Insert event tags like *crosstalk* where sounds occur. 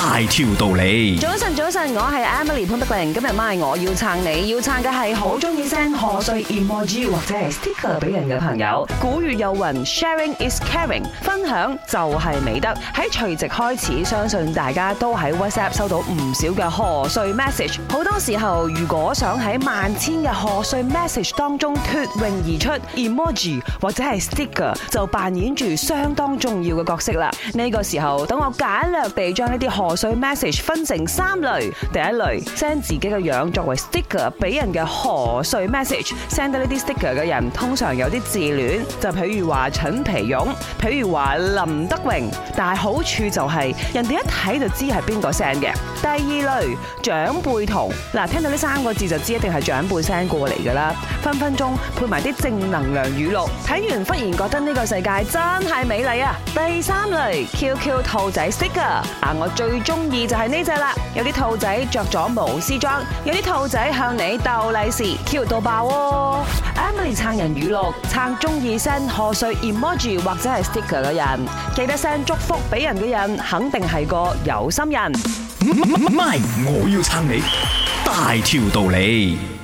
大條道理。早晨，早晨，我係 Emily 潘德玲。今日 MY 我要撐你，要撐嘅係好中意 send 賀歲 emoji 或者係 sticker 俾人嘅朋友。古語有云 *music* ，sharing is caring，分享就係美德。喺除夕開始，相信大家都喺 WhatsApp 收到唔少嘅賀歲 message。好多時候，如果想喺萬千嘅賀歲 message 當中脫穎而出，emoji *music* 或者係 sticker 就扮演住相當重要嘅角色啦。呢、呢個時候，等我簡略地將呢啲賀賀歲 message 分成三類，第一類 send 自己嘅樣作為 sticker 俾人嘅賀歲 message，send 呢啲 sticker 嘅人通常有啲自戀，就譬如話蠢皮勇，譬如話林德榮，但係好處就係人哋一睇就知係邊個 send 嘅。第二類長輩同嗱，聽到呢三個字就知道一定係長輩 send 過嚟噶啦，分分鐘配埋啲正能量語錄，睇完忽然覺得呢個世界真係美麗啊！第三類 QQ 兔仔 sticker，啊我最中意就係呢隻啦，有啲兔仔着咗毛絲裝，有啲兔仔向你逗利是，Q 到爆哦、啊、！Emily 撐人語錄，撐中意 send 賀歲 emoji 或者係 sticker 嘅人，記得 send 祝福俾人嘅人，肯定係個有心人。唔係，我要撐你，大條道理。